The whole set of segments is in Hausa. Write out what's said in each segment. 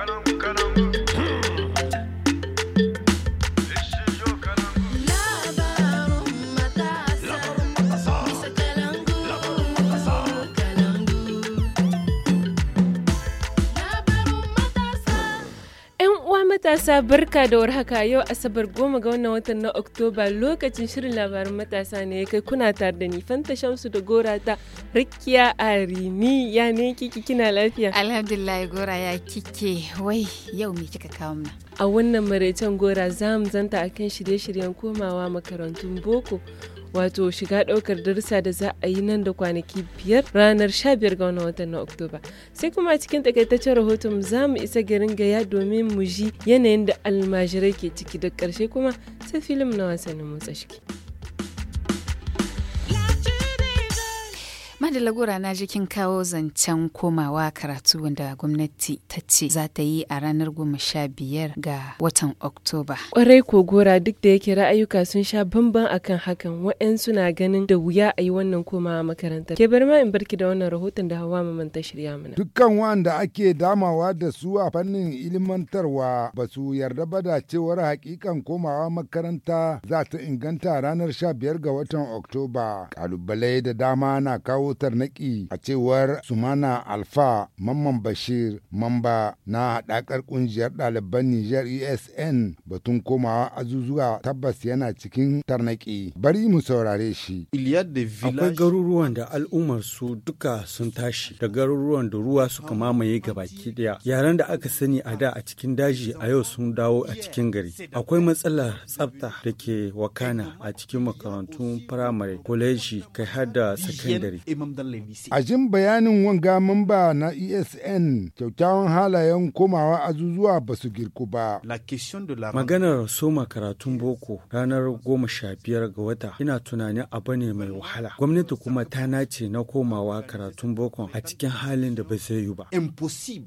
Caramba, caramba. matasa barka da warhaka yau asabar goma ga wannan watan na oktoba lokacin shirin labarin matasa ne ya kai kuna tare da ni fanta shamsu da gora ta rikiya arimi ya ne kiki kina lafiya alhamdulillah gora ya kike wai yau me kika kawo mana a wannan maraicen gora za mu zanta akan shirye-shiryen komawa makarantun boko wato shiga ɗaukar darussa da za a yi nan da kwanaki biyar ranar 15 ga watan na Oktoba. Sai kuma cikin takaitaccen rahoton za mu isa garin gaya domin mu ji yanayin da almajirai ke ciki da karshe kuma sai filim na wasannin motsa shiki. Madalla na jikin kawo zancen komawa karatu wanda gwamnati ta ce za ta yi a ranar goma sha biyar ga watan Oktoba. Kwarai ko Gora duk da yake ra'ayuka sun sha bamban akan hakan wa'yansu na ganin da wuya a yi wannan komawa makarantar. Ke bar ma in barki da wannan rahoton da hawa maman ta shirya mana. Dukkan wanda ake damawa da su a fannin ilimantarwa ba su yarda ba da cewar hakikan komawa makaranta za ta inganta ranar sha biyar ga watan Oktoba. Kalubale da dama na kawo tarnaki a cewar Sumana Alfa Mamman Bashir mamba na hadakar ƙungiyar ɗaliban Nijar ESN batun komawa azuzuwa tabbas yana cikin tarnaki. Bari mu saurare shi. Akwai garuruwan da al'ummar su duka sun tashi da garuruwan da ruwa suka mamaye gabaki daya. Yaran da aka sani a da a cikin daji a yau sun dawo a cikin gari. Akwai matsala tsafta da ke wakana a cikin makarantun firamare, kwaleji kai har sakandare. A jin bayanin wanga mamba na ESN kyakkyawan halayen komawa azuzuwa ba su girku ba. Maganar soma karatun boko ranar goma sha biyar ga wata ina tunanin abu ne mai wahala. Gwamnati kuma ta nace na komawa karatun boko a cikin halin da ba zai yi ba.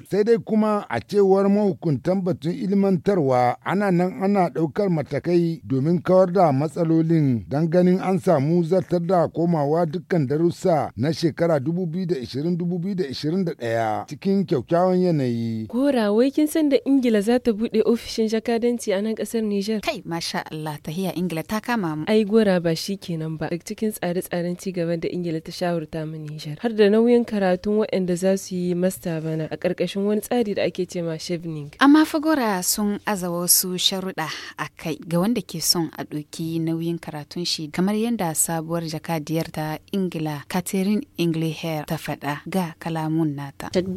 Sai dai kuma a cewar mahukuntan batun ilmantarwa ana nan ana ɗaukar matakai domin kawar da matsalolin don ganin an samu zartar da komawa dukkan darussa na shekara 2020-2021 cikin kyakkyawan yanayi. Gora wai kin san da Ingila za ta buɗe ofishin jakadanci a nan ƙasar Nijar? Kai masha Allah tahiya Ingila ta kama mu. Ai gora ba shi kenan ba. Daga cikin tsare-tsaren ci da Ingila ta shawarta mu Nijar. Har da nauyin karatun waɗanda za su yi masta bana a ƙarƙashin wani tsari da ake ce ma shevning. Amma fa gora sun aza wasu sharuɗa a kai ga wanda ke son a ɗauki nauyin karatun shi kamar yadda sabuwar jakadiyar ta Ingila Catherine Ingliher ta faɗa ga kalamun nata. Wannan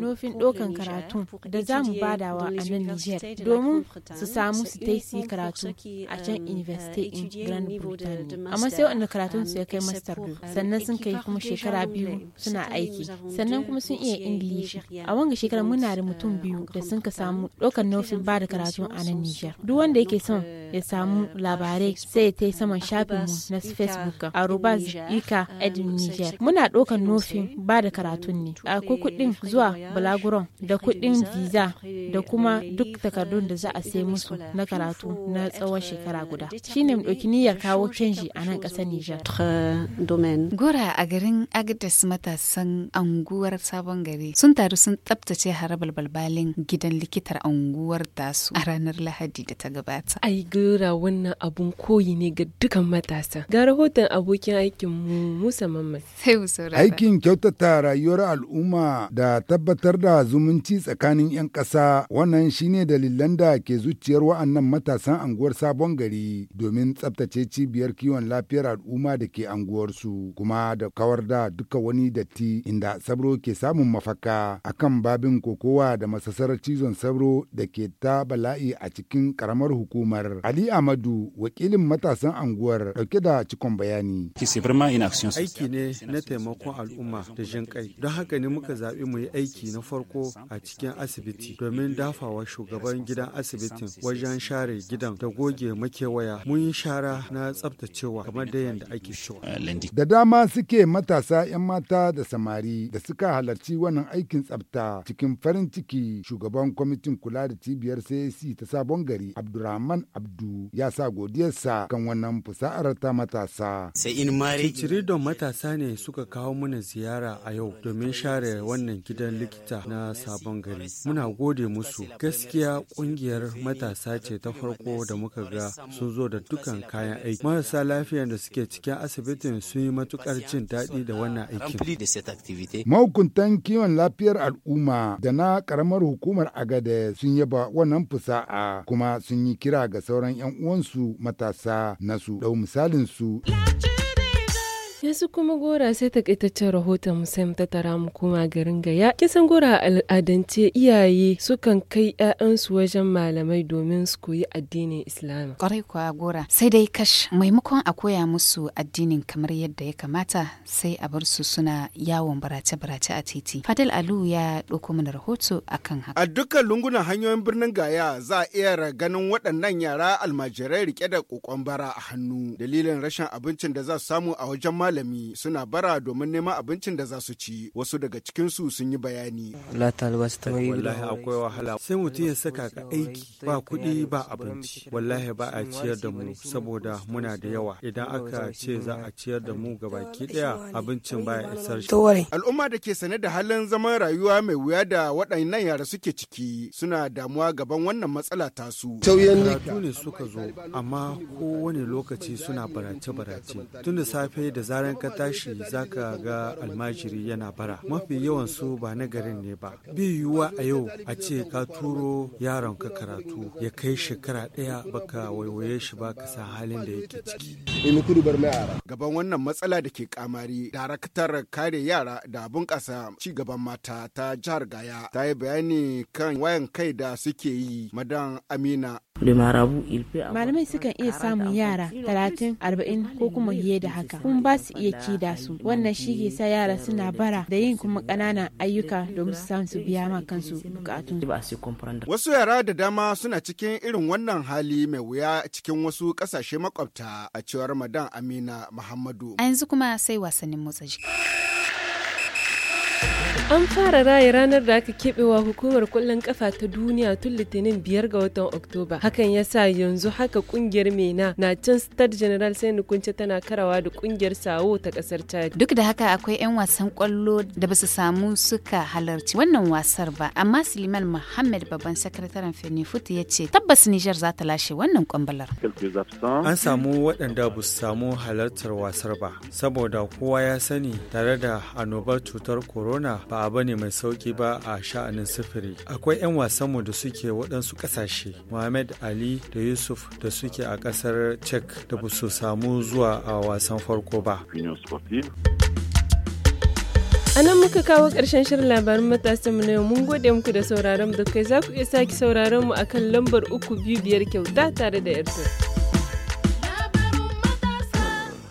nufin ɗaukan karatu da za mu badawa a nan nijar. domin su samu su ta yi karatu a can University in Grand Britain. Amma sai wanda karatun su ya kai master sannan sun kai kuma shekara biyu suna aiki sannan kuma sun iya Ingilishi. A wanga shekara muna da mutum biyu da sun ka samu ɗaukan nufin ba da karatu a nan nijar. Duk wanda yake son ya samu labarai sai ta yi saman mu na facebook arubaz ika edin niger muna ɗaukar nufin ba da karatun ne um, akwai kuɗin zuwa balaguron da kuɗin visa da kuma duk takardun da za a sai musu na karatu na tsawon shekara guda shine mu ɗauki niyyar kawo canji a nan ƙasar niger gora a garin agadis matasan anguwar sabon gari sun taru sun tsaftace harabal balbalin gidan likitar anguwar tasu a ranar lahadi da ta gabata jagorora wannan abun koyi ne ga dukan matasa. Ga rahoton abokin aikin mu Musa Mamman. Sai mu saurara. Aikin kyautata rayuwar al'umma da tabbatar da zumunci tsakanin 'yan ƙasa wannan shine dalilan da ke zuciyar wa'annan matasan anguwar Sabon Gari domin tsabtace cibiyar kiwon lafiyar al'umma da ke anguwar su kuma da kawar da duka wani datti inda sabro ke samun mafaka akan babin kokowa da masasarar cizon sabro da ke ta bala'i a cikin karamar hukumar Ali Amadu wakilin matasan anguwar dauke da cikon bayani. Aiki ne na taimakon al'umma da jin kai. Don haka ne muka zaɓi mu yi aiki na farko a cikin asibiti domin dafawa shugaban gidan asibitin wajen share gidan da goge makewaya. Mun yi shara na tsaftacewa kamar da yadda ake cewa. Eh, da dama suke matasa 'yan mata da samari da suka halarci wannan aikin tsafta cikin farin ciki shugaban kwamitin kula da cibiyar CAC ta sabon gari Abdulrahman Abdu. Abdu ya sa godiyarsa kan wannan fusa'ar ta matasa. Cinciridon matasa ne suka kawo mana ziyara a yau domin share wannan gidan likita na sabon gari. Muna gode musu gaskiya kungiyar matasa ce ta farko da muka ga sun zo da dukkan kayan aiki. Marasa lafiyar da suke cikin asibitin sun yi matukar jin daɗi da wannan aikin. Mahukuntan kiwon lafiyar al'umma da na karamar hukumar Agade sun yaba wannan fusa'a kuma sun yi kira ga sauran sauran 'yan uwansu matasa na su ɗau misalin su. Yasu kuma gora sai ta takaitaccen rahoton musayim ta tara mu koma garin gaya. Kisan gora a al'adance iyaye sukan kai 'ya'yansu wajen malamai domin su koyi addinin Islam. Kwarai kuwa gora sai dai kash maimakon a koya musu addinin kamar yadda ya kamata sai a bar su suna yawon barace-barace a titi. Fadil Alu ya ɗauko mana rahoto akan haka. A dukkan lungunan hanyoyin birnin Gaya za a iya ganin waɗannan yara almajirai rike da kokon bara a hannu. Dalilin rashin abincin da za su samu a wajen malami suna bara domin neman abincin da za su ci wasu daga cikinsu sun yi bayani. Wallahi akwai wahala sai mutum ya saka ka aiki ba kuɗi ba abinci wallahi ba a ciyar da mu saboda muna da yawa idan aka ce za a ciyar da mu gabaki ɗaya abincin baya isar shi. Al'umma da ke sane da halin zaman rayuwa mai wuya da waɗannan yara suke ciki suna damuwa gaban wannan matsala tasu. Karatu ne suka zo amma kowane lokaci suna barace-barace tun da safe da zarar zaran ka tashi ka ga almajiri yana bara mafi yawan su ba na garin ne ba bi yiwuwa a yau a ce ka turo yaron ka karatu ya kai shekara ɗaya baka waiwaye shi ba ka san halin da yake ciki gaban wannan matsala da ke kamari daraktar kare yara da bunƙasa ci gaban mata ta jihar gaya ta yi bayani kan wayan kai da suke yi madan amina malamai sukan iya samun yara talatin arba'in ko kuma fiye da haka kuma ba su iya ci da su wannan shi ke sa yara suna bara da yin kuma kananan ayyuka domin su samu su biya ma kansu bukatun wasu yara da dama suna cikin irin wannan hali mai wuya cikin wasu ƙasashe makwabta a cewar madan amina muhammadu a yanzu kuma sai wasannin motsa jiki An fara raya ranar da aka keɓewa hukumar kwallon kafa ta duniya tun litinin biyar ga watan Oktoba. Hakan ya sa yanzu haka kungiyar MENA na can Star General sai nukunce tana karawa da kungiyar Sawo ta kasar Chad. Duk da haka akwai 'yan wasan kwallo da basu samu suka halarci wannan wasar ba, amma Suleiman Muhammad babban sakataren Fenifut ya ce tabbas Nijar za ta lashe wannan kwambalar. An samu waɗanda ba su samu halartar wasar ba, saboda kowa ya sani tare da annobar cutar corona ba ba ne ne mai sauki ba a sha'anin sufuri akwai 'yan wasanmu da suke waɗansu ƙasashe muhammad ali da yusuf da suke a ƙasar czech da ba su samu zuwa a wasan farko ba A nan muka kawo ƙarshen shirin labarin matasan mu na yau mun gode muku da sauraron da kai za ku iya sake sauraron mu akan lambar uku biyu biyar kyauta tare da yarda.